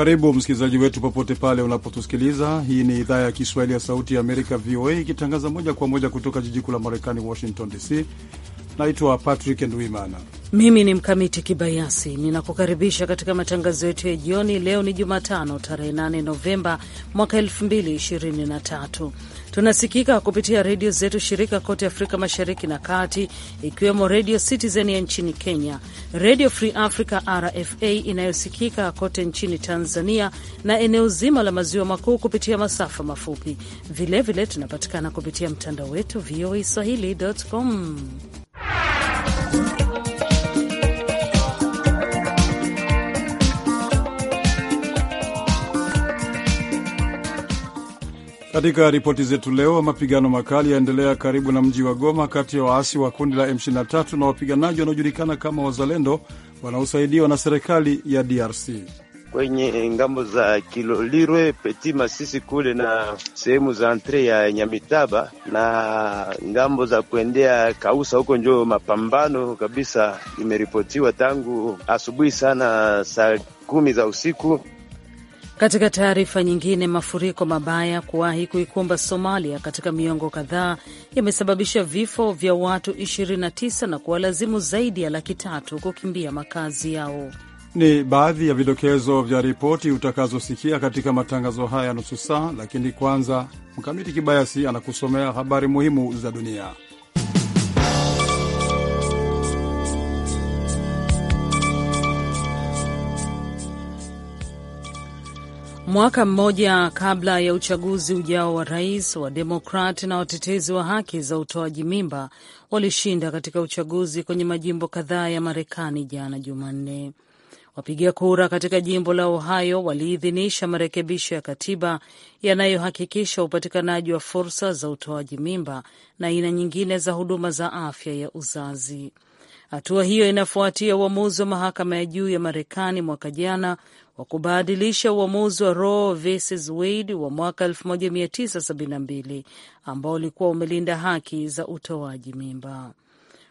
Karibu msikilizaji wetu popote pale unapotusikiliza. Hii ni idhaa ya Kiswahili ya Sauti ya Amerika, VOA, ikitangaza moja kwa moja kutoka jiji kuu la Marekani, Washington DC. Naitwa Patrick Ndwimana. Mimi ni Mkamiti Kibayasi, ninakukaribisha katika matangazo yetu ya jioni. Leo ni Jumatano, tarehe 8 Novemba mwaka 2023. Tunasikika kupitia redio zetu shirika kote Afrika Mashariki na Kati, ikiwemo Redio Citizen ya nchini Kenya, Redio Free Africa RFA inayosikika kote nchini Tanzania na eneo zima la maziwa makuu kupitia masafa mafupi. Vilevile vile tunapatikana kupitia mtandao wetu VOA swahili.com. Katika ripoti zetu leo, mapigano makali yaendelea karibu na mji wa Goma kati ya waasi wa kundi la M23 na wapiganaji wanaojulikana kama wazalendo wanaosaidiwa na serikali ya DRC kwenye ngambo za Kilolirwe, Peti Masisi kule na sehemu za antre ya Nyamitaba na ngambo za kuendea Kausa huko, njo mapambano kabisa imeripotiwa tangu asubuhi sana saa kumi za usiku. Katika taarifa nyingine, mafuriko mabaya kuwahi kuikumba Somalia katika miongo kadhaa yamesababisha vifo vya watu 29 na kuwalazimu zaidi ya laki tatu kukimbia makazi yao. Ni baadhi ya vidokezo vya ripoti utakazosikia katika matangazo haya nusu saa, lakini kwanza Mkamiti Kibayasi anakusomea habari muhimu za dunia. Mwaka mmoja kabla ya uchaguzi ujao wa rais, wa demokrat na watetezi wa haki za utoaji mimba walishinda katika uchaguzi kwenye majimbo kadhaa ya Marekani jana Jumanne. Wapiga kura katika jimbo la Ohio waliidhinisha marekebisho ya katiba yanayohakikisha upatikanaji wa fursa za utoaji mimba na aina nyingine za huduma za afya ya uzazi. Hatua hiyo inafuatia uamuzi wa mahakama ya juu ya Marekani mwaka jana wa kubadilisha uamuzi wa Roe versus Wade wa mwaka 1972 ambao ulikuwa umelinda haki za utoaji mimba.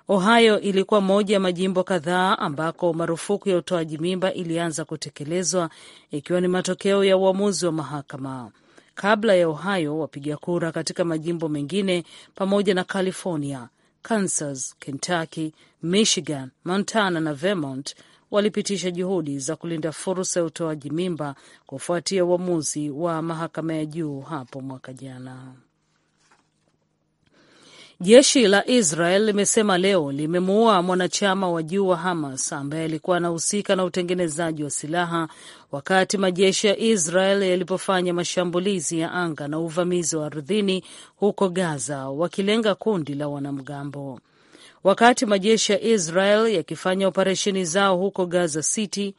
Ohio ilikuwa moja ya majimbo kadhaa ambako marufuku ya utoaji mimba ilianza kutekelezwa ikiwa ni matokeo ya uamuzi wa mahakama. Kabla ya Ohio, wapiga kura katika majimbo mengine pamoja na California, Kansas, Kentucky, Michigan, Montana na Vermont walipitisha juhudi za kulinda fursa ya utoaji mimba kufuatia uamuzi wa mahakama ya juu hapo mwaka jana. Jeshi la Israel limesema leo limemuua mwanachama wa juu wa Hamas ambaye alikuwa anahusika na utengenezaji wa silaha wakati majeshi ya Israel yalipofanya mashambulizi ya anga na uvamizi wa ardhini huko Gaza, wakilenga kundi la wanamgambo wakati majeshi ya Israel yakifanya operesheni zao huko Gaza City.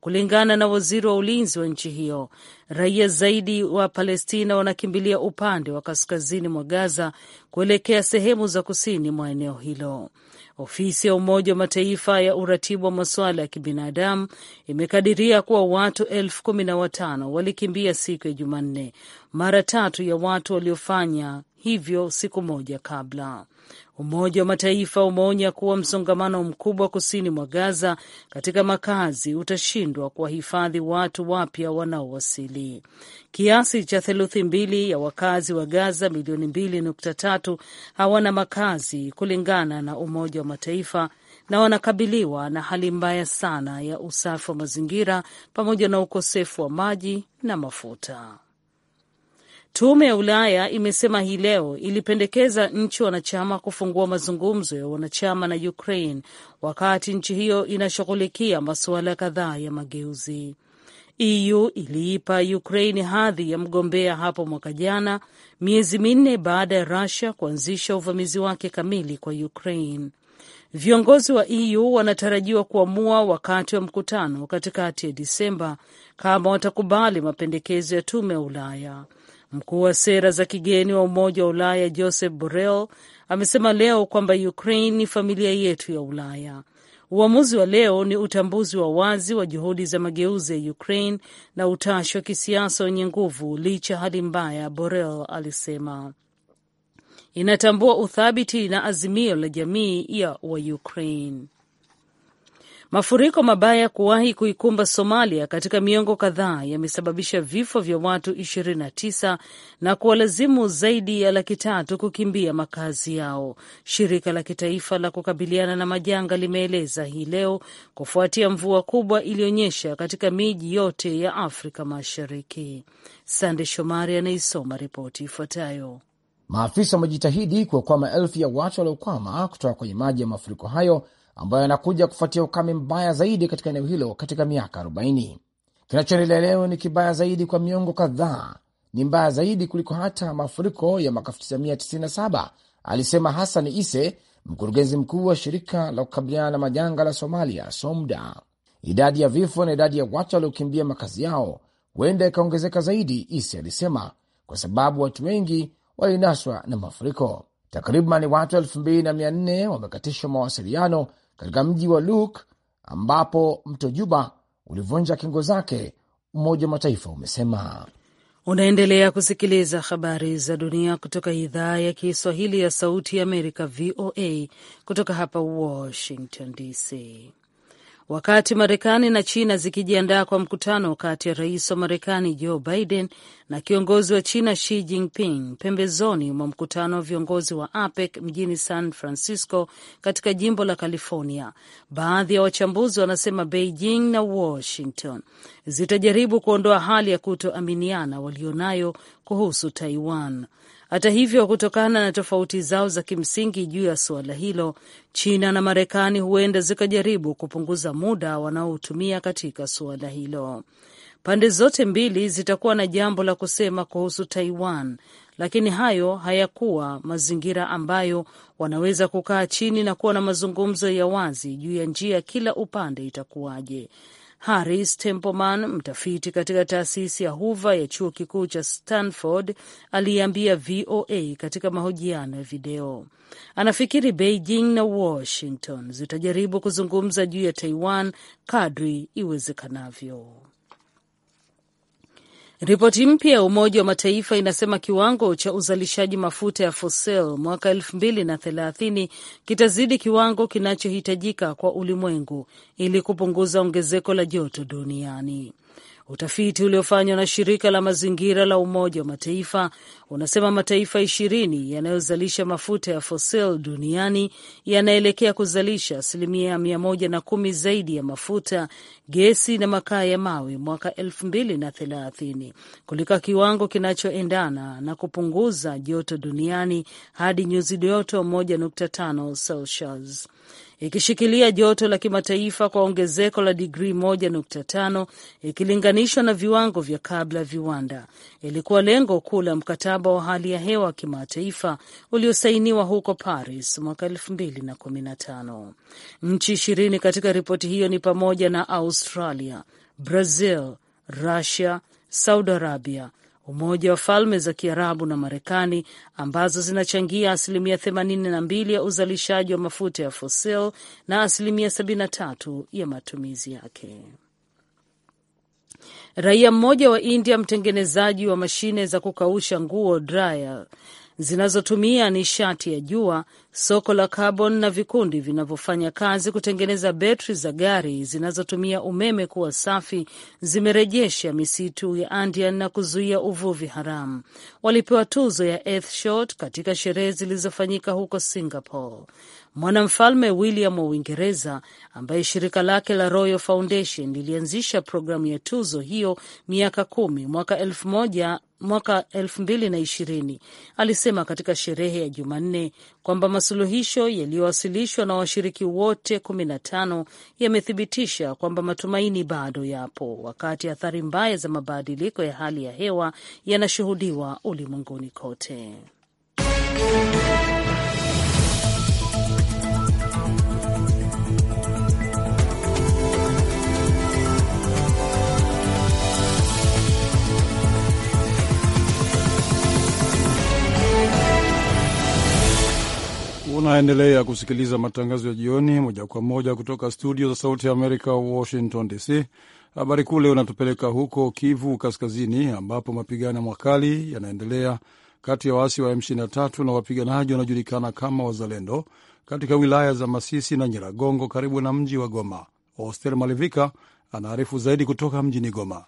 Kulingana na waziri wa ulinzi wa nchi hiyo, raia zaidi wa Palestina wanakimbilia upande wa kaskazini mwa Gaza kuelekea sehemu za kusini mwa eneo hilo. Ofisi ya Umoja wa Mataifa ya uratibu wa masuala ya kibinadamu imekadiria kuwa watu elfu kumi na watano walikimbia siku ya Jumanne, mara tatu ya watu waliofanya hivyo siku moja kabla. Umoja wa Mataifa umeonya kuwa msongamano mkubwa kusini mwa Gaza katika makazi utashindwa kuwahifadhi watu wapya wanaowasili. Kiasi cha theluthi mbili ya wakazi wa Gaza milioni mbili nukta tatu hawana makazi kulingana na Umoja wa Mataifa na wanakabiliwa na hali mbaya sana ya usafi wa mazingira pamoja na ukosefu wa maji na mafuta. Tume ya Ulaya imesema hii leo ilipendekeza nchi wanachama kufungua mazungumzo ya wanachama na Ukraine wakati nchi hiyo inashughulikia masuala kadhaa ya mageuzi. EU iliipa Ukraine hadhi ya mgombea hapo mwaka jana, miezi minne baada ya Russia kuanzisha uvamizi wake kamili kwa Ukraine. Viongozi wa EU wanatarajiwa kuamua wakati wa mkutano katikati ya Disemba kama watakubali mapendekezo ya tume ya Ulaya. Mkuu wa sera za kigeni wa Umoja wa Ulaya Joseph Borrell amesema leo kwamba Ukraine ni familia yetu ya Ulaya. Uamuzi wa leo ni utambuzi wa wazi wa juhudi za mageuzi ya Ukraine na utashi wa kisiasa wenye nguvu licha hali mbaya, Borrell alisema. Inatambua uthabiti na azimio la jamii ya Waukraine. Mafuriko mabaya kuwahi kuikumba Somalia katika miongo kadhaa yamesababisha vifo vya watu 29 na kuwalazimu zaidi ya laki tatu kukimbia makazi yao, shirika la kitaifa la kukabiliana na majanga limeeleza hii leo, kufuatia mvua kubwa iliyonyesha katika miji yote ya Afrika Mashariki. Sande Shomari anaisoma ripoti ifuatayo. Maafisa wamejitahidi kuokoa maelfu ya watu waliokwama kutoka kwenye maji ya mafuriko hayo ambayo yanakuja kufuatia ukame mbaya zaidi katika eneo hilo katika miaka 40. Kinachoendelea leo ni kibaya zaidi kwa miongo kadhaa, ni mbaya zaidi kuliko hata mafuriko ya mwaka 1997, alisema Hassan Ise, mkurugenzi mkuu wa shirika la kukabiliana na majanga la Somalia, SOMDA. Idadi ya vifo na idadi ya watu waliokimbia makazi yao huenda ikaongezeka zaidi, Isse alisema, kwa sababu watu wengi walinaswa na mafuriko. Takriban watu elfu wamekatishwa mawasiliano katika mji wa luk ambapo mto Juba ulivunja kingo zake, Umoja wa Mataifa umesema. Unaendelea kusikiliza habari za dunia kutoka idhaa ya Kiswahili ya Sauti ya Amerika, VOA, kutoka hapa Washington DC. Wakati Marekani na China zikijiandaa kwa mkutano kati ya rais wa Marekani Joe Biden na kiongozi wa China Xi Jinping pembezoni mwa mkutano wa viongozi wa APEC mjini San Francisco katika jimbo la California, baadhi ya wachambuzi wanasema Beijing na Washington zitajaribu kuondoa hali ya kutoaminiana walionayo kuhusu Taiwan. Hata hivyo, kutokana na tofauti zao za kimsingi juu ya suala hilo, China na Marekani huenda zikajaribu kupunguza muda wanaotumia katika suala hilo. Pande zote mbili zitakuwa na jambo la kusema kuhusu Taiwan, lakini hayo hayakuwa mazingira ambayo wanaweza kukaa chini na kuwa na mazungumzo ya wazi juu ya njia kila upande itakuwaje. Harris Templeman, mtafiti katika taasisi ya Hoover ya chuo kikuu cha Stanford, aliyeambia VOA katika mahojiano ya video anafikiri Beijing na Washington zitajaribu kuzungumza juu ya Taiwan kadri iwezekanavyo. Ripoti mpya ya Umoja wa Mataifa inasema kiwango cha uzalishaji mafuta ya fosil mwaka elfu mbili na thelathini kitazidi kiwango kinachohitajika kwa ulimwengu ili kupunguza ongezeko la joto duniani. Utafiti uliofanywa na shirika la mazingira la Umoja wa Mataifa unasema mataifa ishirini yanayozalisha mafuta ya fosil duniani yanaelekea kuzalisha asilimia mia moja na kumi zaidi ya mafuta, gesi na makaa ya mawe mwaka elfu mbili na thelathini kuliko kiwango kinachoendana na kupunguza joto duniani hadi nyuzi joto moja nukta tano Celsius ikishikilia joto la kimataifa kwa ongezeko la digrii 1.5 ikilinganishwa na viwango vya kabla viwanda, ilikuwa lengo kuu la mkataba wa hali ya hewa wa kimataifa uliosainiwa huko Paris mwaka 2015. Nchi ishirini katika ripoti hiyo ni pamoja na Australia, Brazil, Russia, Saudi Arabia, Umoja wa Falme za Kiarabu na Marekani ambazo zinachangia asilimia 82 ya uzalishaji wa mafuta ya fosil na asilimia 73 ya matumizi yake. Raia mmoja wa India, mtengenezaji wa mashine za kukausha nguo dryer, zinazotumia nishati ya jua, soko la kabon na vikundi vinavyofanya kazi kutengeneza betri za gari zinazotumia umeme kuwa safi zimerejesha misitu ya Andean na kuzuia uvuvi haramu. Walipewa tuzo ya Earthshot katika sherehe zilizofanyika huko Singapore. Mwanamfalme William wa Uingereza, ambaye shirika lake la Royal Foundation lilianzisha programu ya tuzo hiyo miaka kumi mwaka elfu moja mwaka elfu mbili na ishirini alisema katika sherehe ya Jumanne kwamba masuluhisho yaliyowasilishwa na washiriki wote kumi na tano yamethibitisha kwamba matumaini bado yapo wakati athari mbaya za mabadiliko ya hali ya hewa yanashuhudiwa ulimwenguni kote. Unaendelea kusikiliza matangazo ya jioni moja kwa moja kutoka studio za Sauti ya Amerika, Washington DC. Habari kuu leo inatupeleka huko Kivu Kaskazini, ambapo mapigano makali yanaendelea kati ya waasi wa M23 na wapiganaji wanaojulikana kama Wazalendo katika wilaya za Masisi na Nyiragongo, karibu na mji wa Goma. Oster Malivika anaarifu zaidi kutoka mjini Goma.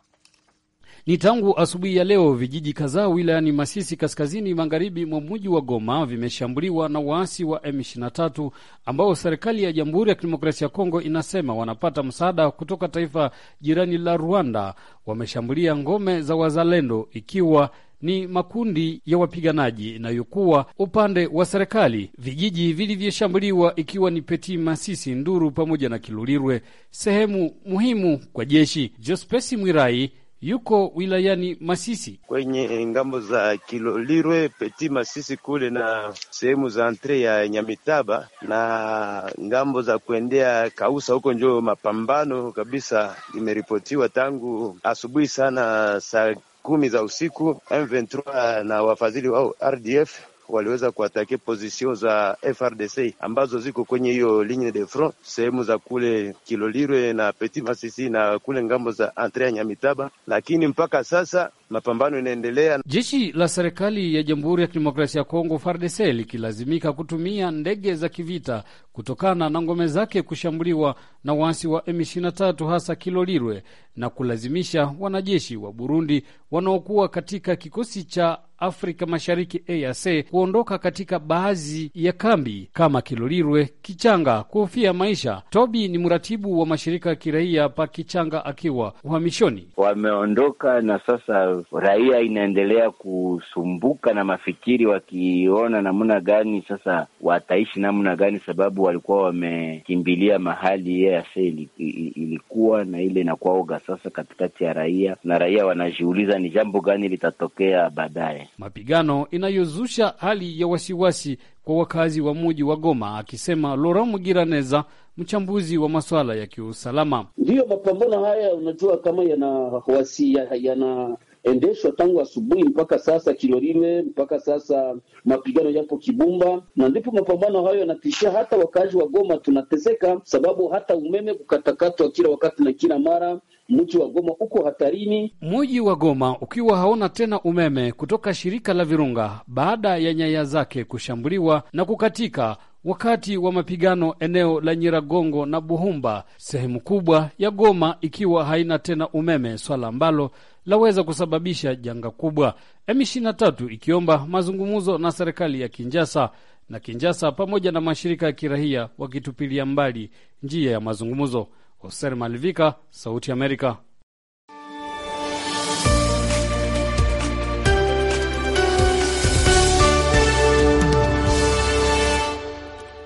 Ni tangu asubuhi ya leo vijiji kadhaa wilayani Masisi, kaskazini magharibi mwa mji wa Goma, vimeshambuliwa na waasi wa M23 ambao serikali ya Jamhuri ya Kidemokrasia ya Kongo inasema wanapata msaada kutoka taifa jirani la Rwanda. Wameshambulia ngome za wazalendo ikiwa ni makundi ya wapiganaji inayokuwa upande wa serikali. Vijiji vilivyoshambuliwa ikiwa ni Peti, Masisi, Nduru pamoja na Kilulirwe, sehemu muhimu kwa jeshi. Jospesi Mwirai yuko wilayani Masisi kwenye ngambo za Kilolirwe Peti Masisi kule na sehemu za antre ya Nyamitaba na ngambo za kuendea Kausa huko, njo mapambano kabisa imeripotiwa tangu asubuhi sana saa kumi za usiku M23 na wafadhili wao RDF waliweza kuatake pozisio za FRDC ambazo ziko kwenye hiyo ligne de front, sehemu za kule Kilolirwe na Petit Masisi na kule ngambo za antre Nyamitaba, lakini mpaka sasa mapambano inaendelea. Jeshi la serikali ya Jamhuri ya Kidemokrasia ya Kongo FARDC likilazimika kutumia ndege za kivita kutokana na ngome zake kushambuliwa na waasi wa M23 hasa Kilolirwe na kulazimisha wanajeshi wa Burundi wanaokuwa katika kikosi cha Afrika Mashariki EAC kuondoka katika baadhi ya kambi kama Kilolirwe, Kichanga kuhofia maisha. Tobi ni mratibu wa mashirika ya kiraia pa Kichanga akiwa uhamishoni. Wameondoka na sasa raia inaendelea kusumbuka na mafikiri, wakiona namna gani sasa wataishi namna gani, sababu walikuwa wamekimbilia mahali EAC ilikuwa na ile inakuwaoga sasa katikati ya raia, na raia wanajiuliza ni jambo gani litatokea baadaye mapigano inayozusha hali ya wasiwasi kwa wakazi wa muji wa Goma, akisema Lora Mugiraneza, mchambuzi wa masuala ya kiusalama. Ndiyo mapambano haya, unajua kama yanawasi yana endeshwa tangu asubuhi mpaka sasa Kilorime, mpaka sasa mapigano yapo Kibumba, na ndipo mapambano hayo yanatishia hata wakazi wa Goma. Tunateseka sababu hata umeme kukatakatwa kila wakati na kila mara, mji wa Goma uko hatarini, mji wa Goma ukiwa haona tena umeme kutoka shirika la Virunga baada ya nyaya zake kushambuliwa na kukatika wakati wa mapigano eneo la Nyiragongo na Buhumba, sehemu kubwa ya Goma ikiwa haina tena umeme, swala ambalo laweza kusababisha janga kubwa. M23 ikiomba mazungumzo na serikali ya Kinjasa na Kinjasa pamoja na mashirika ya kirahia wakitupilia mbali njia ya mazungumzo. Hoser Malvika, Sauti Amerika.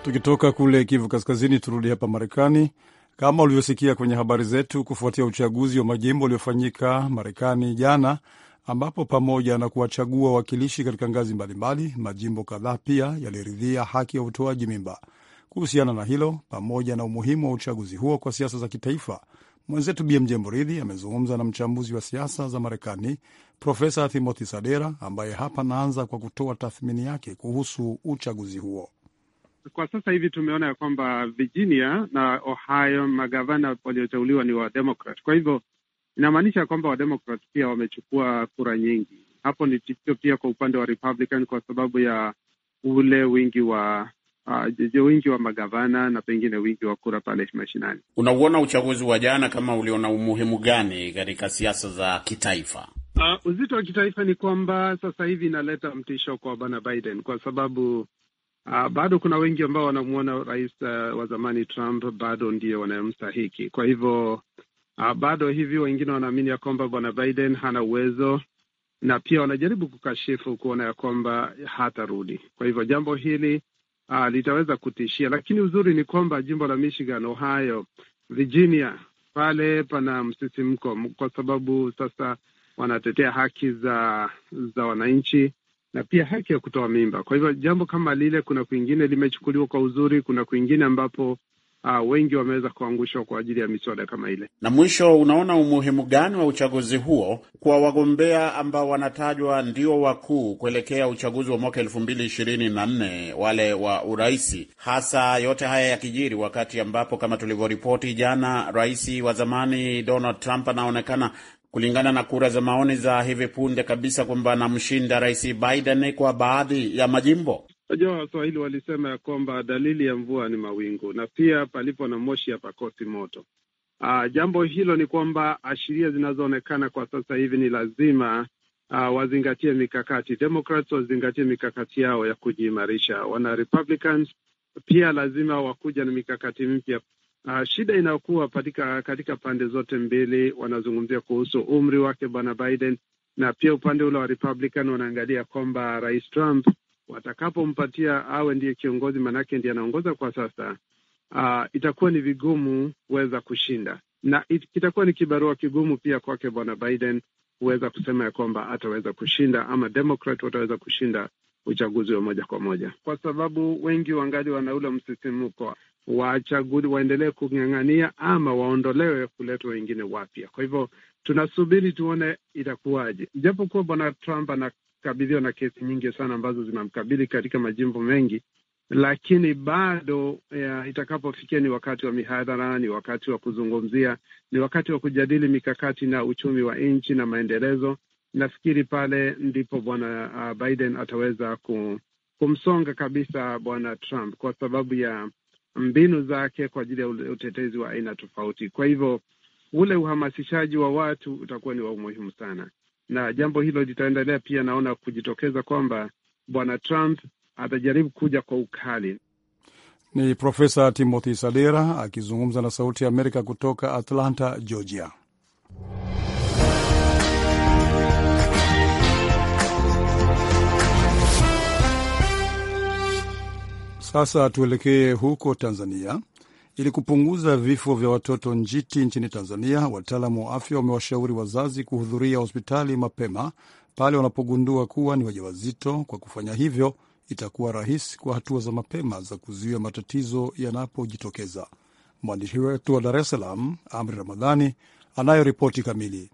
Tukitoka kule Kivu Kaskazini, turudi hapa Marekani. Kama ulivyosikia kwenye habari zetu, kufuatia uchaguzi wa majimbo uliofanyika Marekani jana, ambapo pamoja na kuwachagua wawakilishi katika ngazi mbalimbali, majimbo kadhaa pia yaliridhia haki ya utoaji mimba. Kuhusiana na hilo pamoja na umuhimu wa uchaguzi huo kwa siasa za kitaifa, mwenzetu BMJ Mridhi amezungumza na mchambuzi wa siasa za Marekani Profesa Timothy Sadera ambaye hapa anaanza kwa kutoa tathmini yake kuhusu uchaguzi huo. Kwa sasa hivi tumeona ya kwamba Virginia na Ohio magavana walioteuliwa ni Wademokrat, kwa hivyo inamaanisha kwamba Wademokrat pia wamechukua kura nyingi. Hapo ni tishio pia kwa upande wa Republican kwa sababu ya ule wingi wa uh, wingi wa magavana na pengine wingi wa kura pale mashinani. Unauona uchaguzi wa jana kama uliona umuhimu gani katika siasa za kitaifa? Uh, uzito wa kitaifa ni kwamba sasa hivi inaleta mtisho kwa bwana Biden kwa sababu uh, bado kuna wengi ambao wanamwona rais uh, wa zamani Trump bado ndio wanayemstahiki. Kwa hivyo uh, bado hivi wengine wanaamini ya kwamba bwana Biden hana uwezo na pia wanajaribu kukashifu kuona ya kwamba hatarudi. Kwa hivyo jambo hili uh, ah, litaweza kutishia, lakini uzuri ni kwamba jimbo la Michigan, Ohio, Virginia pale pana msisimko kwa sababu sasa wanatetea haki za za wananchi na pia haki ya kutoa mimba. Kwa hivyo jambo kama lile, kuna kwingine limechukuliwa kwa uzuri, kuna kwingine ambapo uh, wengi wameweza kuangushwa kwa ajili ya miswada kama ile. Na mwisho, unaona umuhimu gani wa uchaguzi huo kwa wagombea ambao wanatajwa ndio wakuu kuelekea uchaguzi wa mwaka elfu mbili ishirini na nne wale wa uraisi, hasa yote haya yakijiri wakati ambapo kama tulivyoripoti jana, rais wa zamani Donald Trump anaonekana kulingana na kura za maoni za hivi punde kabisa kwamba anamshinda rais Biden kwa baadhi ya majimbo. Unajua, Waswahili walisema ya kwamba dalili ya mvua ni mawingu, na pia palipo na moshi hapakosi moto. Aa, ah, jambo hilo ni kwamba ashiria zinazoonekana kwa sasa hivi ni lazima uh, wazingatie mikakati. Democrats wazingatie mikakati yao ya kujiimarisha, wana Republicans pia lazima wakuja na mikakati mpya. Uh, shida inayokuwa katika, katika pande zote mbili wanazungumzia kuhusu umri wake bwana Biden, na pia upande ule wa Republican wanaangalia kwamba rais Trump watakapompatia awe ndiye kiongozi, maanake ndiye anaongoza kwa sasa, uh, itakuwa ni vigumu kuweza kushinda, na kitakuwa ni kibarua kigumu pia kwake bwana Biden kuweza kusema ya kwamba ataweza kushinda ama Demokrat wataweza kushinda uchaguzi wa moja kwa moja, kwa sababu wengi wangali wana ule msisimuko wachaguzi waendelee kung'ang'ania ama waondolewe, kuletwa wengine wapya. Kwa hivyo tunasubiri tuone itakuwaje, japokuwa bwana Trump ana kabidhiwa na kesi nyingi sana ambazo zinamkabili katika majimbo mengi, lakini bado eh, itakapofikia ni wakati wa mihadhara, ni wakati wa kuzungumzia, ni wakati wa kujadili mikakati na uchumi wa nchi na maendelezo. Nafikiri pale ndipo bwana uh, Biden ataweza kumsonga kabisa bwana Trump kwa sababu ya mbinu zake kwa ajili ya utetezi wa aina tofauti. Kwa hivyo ule uhamasishaji wa watu utakuwa ni wa umuhimu sana na jambo hilo litaendelea pia, naona kujitokeza kwamba bwana Trump atajaribu kuja kwa ukali. Ni Profesa Timothy Sadera akizungumza na Sauti ya Amerika kutoka Atlanta, Georgia. Sasa tuelekee huko Tanzania ili kupunguza vifo vya watoto njiti nchini Tanzania, wataalamu wa afya wamewashauri wazazi kuhudhuria hospitali mapema pale wanapogundua kuwa ni wajawazito. Kwa kufanya hivyo, itakuwa rahisi kwa hatua za mapema za kuzuia matatizo yanapojitokeza. Mwandishi wetu wa Dar es Salaam, Amri Ramadhani, anayo ripoti kamili.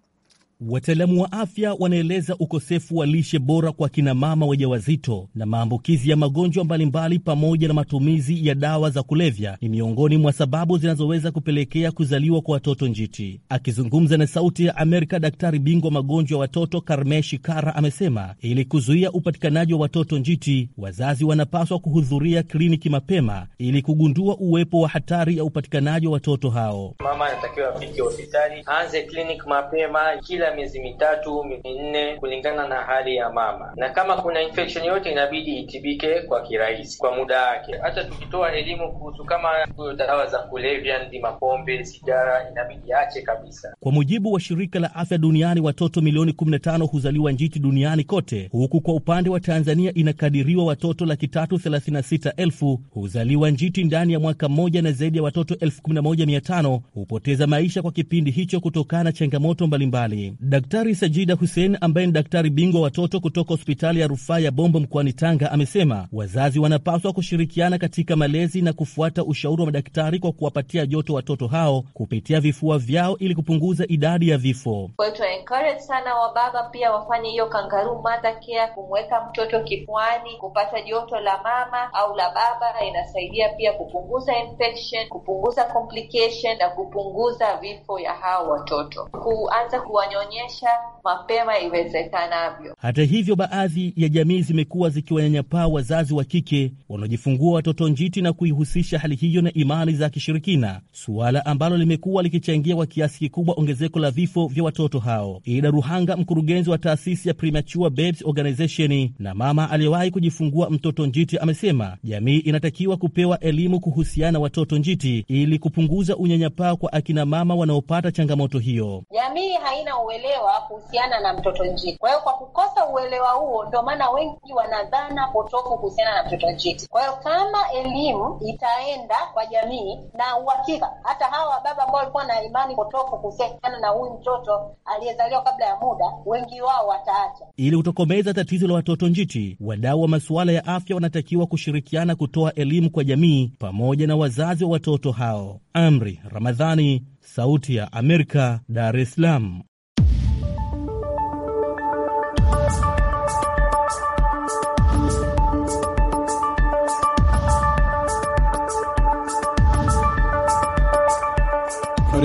Wataalamu wa afya wanaeleza ukosefu wa lishe bora kwa kinamama mama wajawazito na maambukizi ya magonjwa mbalimbali pamoja na matumizi ya dawa za kulevya ni miongoni mwa sababu zinazoweza kupelekea kuzaliwa kwa watoto njiti. Akizungumza na Sauti ya Amerika, daktari bingwa magonjwa ya watoto Karme Shikara amesema ili kuzuia upatikanaji wa watoto njiti, wazazi wanapaswa kuhudhuria kliniki mapema ili kugundua uwepo wa hatari ya upatikanaji wa watoto hao. Mama anatakiwa afike hospitali, aanze kliniki mapema kila kila miezi mitatu minne, kulingana na hali ya mama, na kama kuna infection yoyote inabidi itibike kwa kirahisi kwa muda wake. Hata tukitoa elimu kuhusu kama dawa za kulevya, ndima, pombe, sigara, inabidi ache kabisa. Kwa mujibu wa shirika la afya duniani, watoto milioni 15 huzaliwa njiti duniani kote, huku kwa upande wa Tanzania inakadiriwa watoto laki tatu thelathini na sita elfu huzaliwa njiti ndani ya mwaka mmoja, na zaidi ya watoto elfu kumi na moja mia tano hupoteza maisha kwa kipindi hicho kutokana na changamoto mbalimbali. Daktari Sajida Hussein ambaye ni daktari bingwa watoto kutoka hospitali ya rufaa ya Bombo mkoani Tanga amesema wazazi wanapaswa kushirikiana katika malezi na kufuata ushauri wa madaktari kwa kuwapatia joto watoto hao kupitia vifua vyao ili kupunguza idadi ya vifo. Kwa hiyo encourage sana wababa pia wafanye hiyo kangaru mother care, kumweka mtoto kifuani, kupata joto la mama au la baba inasaidia pia kupunguza infection, kupunguza complication na kupunguza vifo ya hao watoto. Kuanza kuwanyo kuonyesha mapema iwezekanavyo. Hata hivyo, baadhi ya jamii zimekuwa zikiwanyanyapaa wazazi wa kike wanaojifungua watoto njiti na kuihusisha hali hiyo na imani za kishirikina, suala ambalo limekuwa likichangia kwa kiasi kikubwa ongezeko la vifo vya watoto hao. Ida Ruhanga, mkurugenzi wa taasisi ya Premature Babes Organization na mama aliyewahi kujifungua mtoto njiti, amesema jamii inatakiwa kupewa elimu kuhusiana na watoto njiti ili kupunguza unyanyapaa kwa akina mama wanaopata changamoto hiyo. Jamii haina uwe uelewa kuhusiana na mtoto njiti. Kwa hiyo kwa kukosa uelewa huo, ndio maana wengi wanadhana potofu kuhusiana na mtoto njiti. Kwa hiyo kama elimu itaenda kwa jamii, na uhakika hata hawa baba ambao walikuwa na imani potofu kuhusiana na huyu mtoto aliyezaliwa kabla ya muda, wengi wao wataacha. Ili kutokomeza tatizo la watoto njiti, wadau wa masuala ya afya wanatakiwa kushirikiana kutoa elimu kwa jamii pamoja na wazazi wa watoto hao. Amri Ramadhani, Sauti ya Amerika, Dar es Salaam.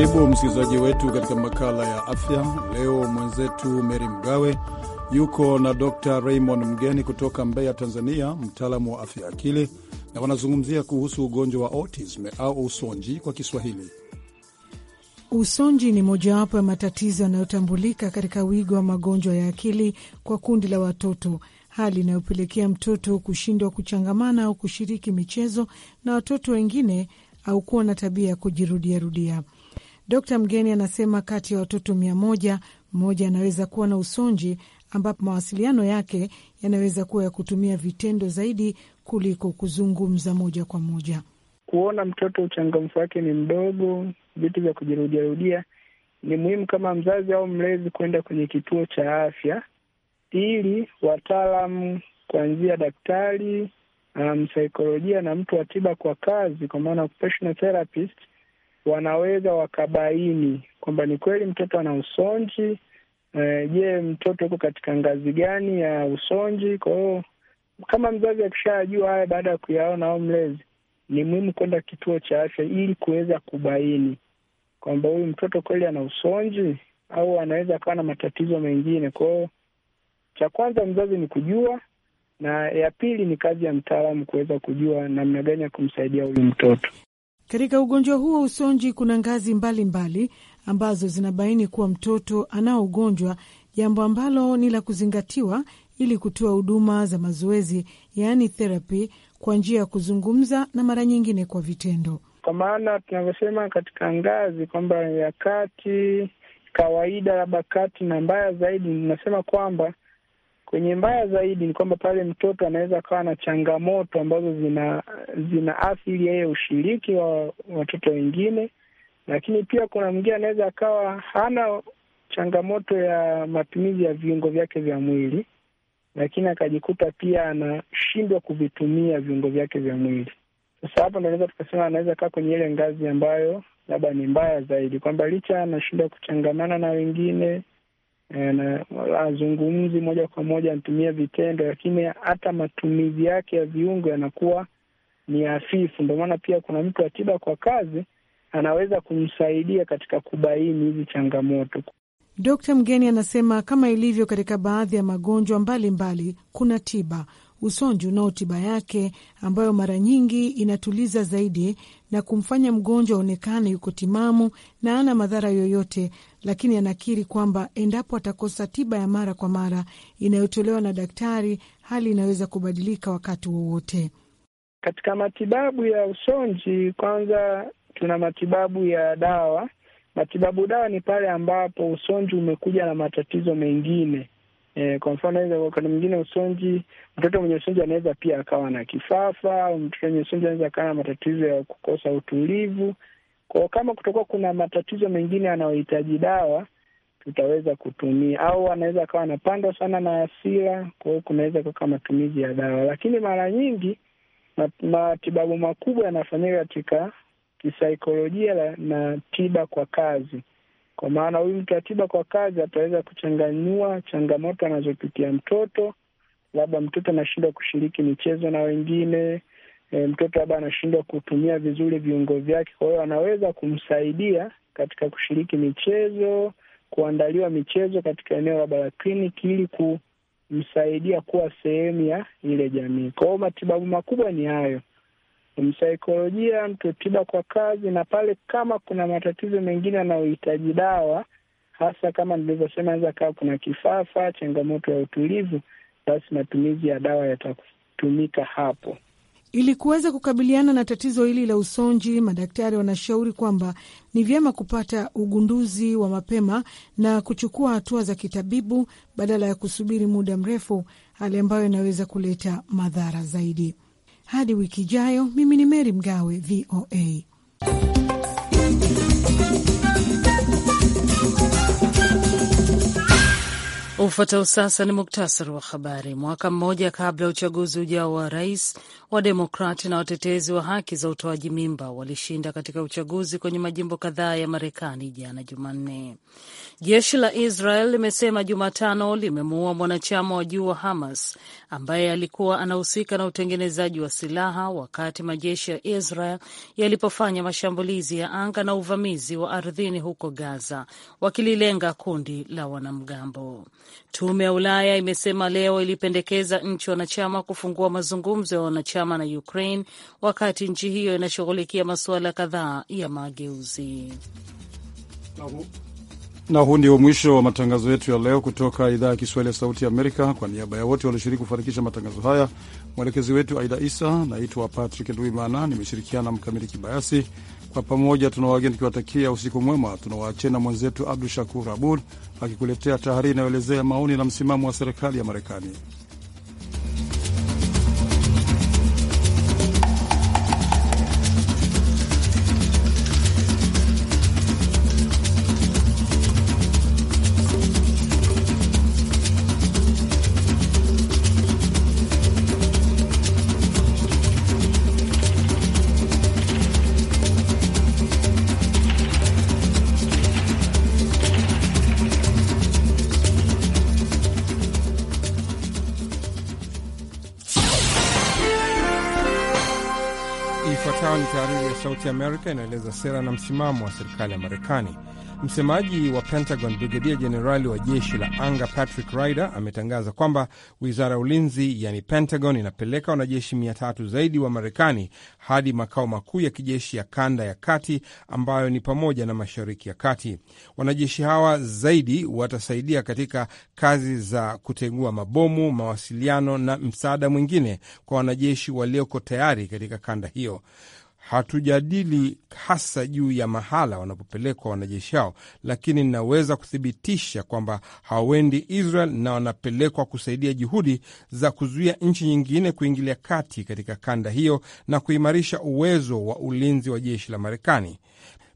Karibu msikilizaji wetu katika makala ya afya leo. Mwenzetu Meri Mgawe yuko na Dr Raymond Mgeni kutoka Mbeya, Tanzania, mtaalamu wa afya akili, na wanazungumzia kuhusu ugonjwa wa autism au usonji kwa Kiswahili. Usonji ni mojawapo ya matatizo yanayotambulika katika wigo wa magonjwa ya akili kwa kundi la watoto, hali inayopelekea mtoto kushindwa kuchangamana au kushiriki michezo na watoto wengine au kuwa na tabia ya kujirudiarudia d Mgeni anasema kati ya watoto mia moja mmoja anaweza kuwa na usonji, ambapo mawasiliano yake yanaweza kuwa ya kutumia vitendo zaidi kuliko kuzungumza moja kwa moja. Kuona mtoto uchangamfu wake ni mdogo, vitu vya kujirudiarudia, ni muhimu kama mzazi au mlezi kwenda kwenye kituo cha afya ili wataalam kuanzia daktari, um, um, na mtu wa tiba kwa kazi, kwa maana occupational therapist wanaweza wakabaini kwamba ni kweli mtoto ana usonji. Eh, je, uh, mtoto uko katika ngazi gani ya usonji? Kwa hiyo kama mzazi akishajua haya baada ya kuyaona au mlezi, ni muhimu kwenda kituo cha afya ili kuweza kubaini kwamba huyu mtoto kweli ana usonji au anaweza akawa na matatizo mengine. Kwa hiyo cha kwanza mzazi ni kujua, na ya pili ni kazi ya mtaalamu kuweza kujua namna gani ya kumsaidia huyu mtoto. Katika ugonjwa huo usonji kuna ngazi mbalimbali mbali ambazo zinabaini kuwa mtoto anao ugonjwa, jambo ambalo ni la kuzingatiwa ili kutoa huduma za mazoezi, yaani therapy, kwa njia ya kuzungumza na mara nyingine kwa vitendo, kwa maana tunavyosema katika ngazi kwamba ya kati kawaida, labda kati na mbaya zaidi, inasema kwamba Kwenye mbaya zaidi ni kwamba pale mtoto anaweza akawa na changamoto ambazo zina zina athiri yeye ushiriki wa watoto wengine, lakini pia kuna mwingine anaweza akawa hana changamoto ya matumizi ya viungo vyake vya mwili, lakini akajikuta pia anashindwa kuvitumia viungo vyake vya mwili. Sasa hapo ndo naweza tukasema anaweza kaa kwenye ile ngazi ambayo labda ni mbaya zaidi, kwamba licha anashindwa kuchangamana na wengine, Uh, azungumzi moja kwa moja, anatumia vitendo, lakini hata matumizi yake ya viungo yanakuwa ni hafifu. Ndio maana pia kuna mtu wa tiba kwa kazi anaweza kumsaidia katika kubaini hizi changamoto. Dkt. Mgeni anasema kama ilivyo katika baadhi ya magonjwa mbalimbali mbali, kuna tiba usonji unao tiba yake ambayo mara nyingi inatuliza zaidi na kumfanya mgonjwa aonekane yuko timamu na ana madhara yoyote, lakini anakiri kwamba endapo atakosa tiba ya mara kwa mara inayotolewa na daktari, hali inaweza kubadilika wakati wowote. Katika matibabu ya usonji, kwanza tuna matibabu ya dawa. Matibabu dawa ni pale ambapo usonji umekuja na matatizo mengine E, kwa mfano wakati mwingine usonji, mtoto mwenye usonji anaweza pia akawa na kifafa. Mtoto mwenye usonji anaweza akawa na matatizo ya kukosa utulivu, Kwao kama kutakuwa kuna matatizo mengine yanayohitaji dawa tutaweza kutumia, au anaweza akawa anapandwa sana na hasira, kwa kunaweza kuweka matumizi ya dawa, lakini mara nyingi matibabu makubwa yanafanyika katika kisaikolojia na tiba kwa kazi, kwa maana huyu mtu atiba tiba kwa kazi ataweza kuchanganua changamoto anazopitia mtoto, labda mtoto anashindwa kushiriki michezo na wengine e, mtoto labda anashindwa kutumia vizuri viungo vyake. Kwa hiyo anaweza kumsaidia katika kushiriki michezo, kuandaliwa michezo katika eneo labda la kliniki ili kumsaidia kuwa sehemu ya ile jamii. Kwa hiyo matibabu makubwa ni hayo, msaikolojia, mtotiba kwa kazi, na pale kama kuna matatizo mengine yanayohitaji dawa hasa kama nilivyosema, naweza kawa kuna kifafa, changamoto ya utulivu, basi matumizi ya dawa yatatumika hapo. Ili kuweza kukabiliana na tatizo hili la usonji, madaktari wanashauri kwamba ni vyema kupata ugunduzi wa mapema na kuchukua hatua za kitabibu badala ya kusubiri muda mrefu, hali ambayo inaweza kuleta madhara zaidi. Hadi wiki ijayo, mimi ni Meri Mgawe, VOA. Ufuatao sasa ni muktasari wa habari. Mwaka mmoja kabla ya uchaguzi ujao wa rais, wa demokrati na watetezi wa haki za utoaji mimba walishinda katika uchaguzi kwenye majimbo kadhaa ya Marekani jana Jumanne. Jeshi la Israel limesema Jumatano limemuua mwanachama wa juu wa Hamas ambaye alikuwa anahusika na utengenezaji wa silaha wakati majeshi ya Israel yalipofanya mashambulizi ya anga na uvamizi wa ardhini huko Gaza, wakililenga kundi la wanamgambo. Tume ya Ulaya imesema leo ilipendekeza nchi wanachama kufungua mazungumzo ya wanachama na Ukraine wakati nchi hiyo inashughulikia masuala kadhaa ya mageuzi. Na huu ndio mwisho wa matangazo yetu ya leo kutoka idhaa ya Kiswahili ya Sauti Amerika. Kwa niaba ya wote walioshiriki kufanikisha matangazo haya, mwelekezi wetu Aida Isa, naitwa Patrick Nduimana, nimeshirikiana na Mkamili Kibayasi. Kwa pamoja tuna wageni tukiwatakia usiku mwema. Tunawaachena mwenzetu Abdu Shakur Abud akikuletea tahariri inayoelezea maoni na msimamo wa serikali ya Marekani. Amerika inaeleza sera na msimamo wa serikali ya Marekani. Msemaji wa Pentagon, brigedia jenerali wa jeshi la anga Patrick Ryder ametangaza kwamba wizara ya ulinzi, yani Pentagon, inapeleka wanajeshi mia tatu zaidi wa Marekani hadi makao makuu ya kijeshi ya kanda ya kati ambayo ni pamoja na mashariki ya kati. Wanajeshi hawa zaidi watasaidia katika kazi za kutengua mabomu, mawasiliano na msaada mwingine kwa wanajeshi walioko tayari katika kanda hiyo. Hatujadili hasa juu ya mahala wanapopelekwa wanajeshi hao, lakini ninaweza kuthibitisha kwamba hawendi Israel na wanapelekwa kusaidia juhudi za kuzuia nchi nyingine kuingilia kati katika kanda hiyo na kuimarisha uwezo wa ulinzi wa jeshi la Marekani.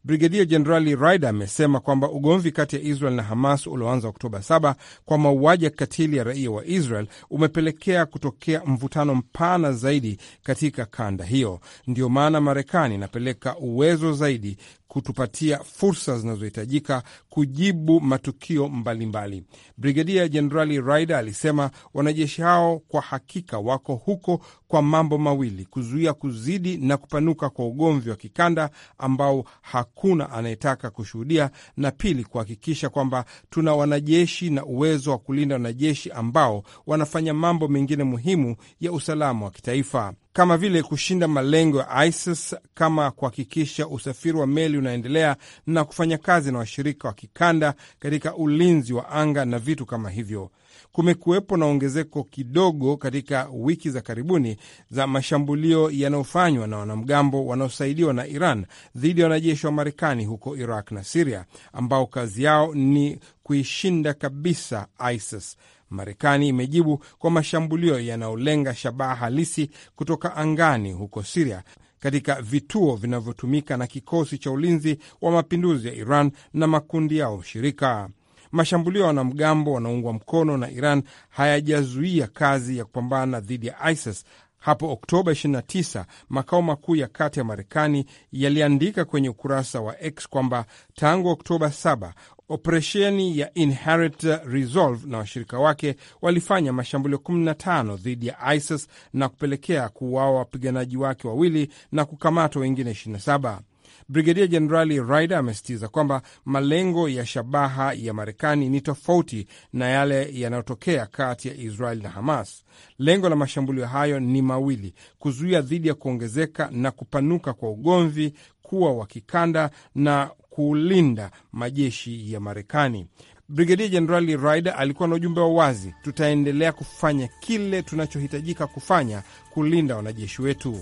Brigedia Jenerali Raida amesema kwamba ugomvi kati ya Israel na Hamas ulioanza Oktoba 7 kwa mauaji ya kikatili ya raia wa Israel umepelekea kutokea mvutano mpana zaidi katika kanda hiyo. Ndiyo maana Marekani inapeleka uwezo zaidi kutupatia fursa zinazohitajika kujibu matukio mbalimbali. Brigedia Jenerali Raida alisema wanajeshi hao kwa hakika wako huko kwa mambo mawili: kuzuia kuzidi na kupanuka kwa ugomvi wa kikanda ambao hakuna anayetaka kushuhudia, na pili, kuhakikisha kwamba tuna wanajeshi na uwezo wa kulinda wanajeshi ambao wanafanya mambo mengine muhimu ya usalama wa kitaifa kama vile kushinda malengo ya ISIS kama kuhakikisha usafiri wa meli unaendelea na kufanya kazi na washirika wa kikanda katika ulinzi wa anga na vitu kama hivyo. Kumekuwepo na ongezeko kidogo katika wiki za karibuni za mashambulio yanayofanywa na wanamgambo wanaosaidiwa na Iran dhidi ya wanajeshi wa Marekani huko Iraq na Siria, ambao kazi yao ni kuishinda kabisa ISIS. Marekani imejibu kwa mashambulio yanayolenga shabaha halisi kutoka angani huko Siria, katika vituo vinavyotumika na kikosi cha ulinzi wa mapinduzi ya Iran na makundi yao shirika. Mashambulio ya wanamgambo wanaoungwa mkono na Iran hayajazuia kazi ya kupambana dhidi ya ISIS hapo Oktoba 29 makao makuu ya kati ya Marekani yaliandika kwenye ukurasa wa X kwamba tangu Oktoba 7 operesheni ya Inherent Resolve na washirika wake walifanya mashambulio 15 dhidi ya ISIS na kupelekea kuuawa wapiganaji wake wawili na kukamatwa wengine 27. Brigedia Jenerali Ryder amesisitiza kwamba malengo ya shabaha ya Marekani ni tofauti na yale yanayotokea kati ya Israel na Hamas. Lengo la mashambulio hayo ni mawili: kuzuia dhidi ya kuongezeka na kupanuka kwa ugomvi kuwa wa kikanda na kulinda majeshi ya Marekani. Brigedia Jenerali Ryder alikuwa na ujumbe wa wazi: tutaendelea kufanya kile tunachohitajika kufanya kulinda wanajeshi wetu.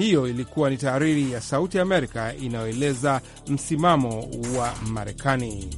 Hiyo ilikuwa ni tahariri ya Sauti ya Amerika inayoeleza msimamo wa Marekani.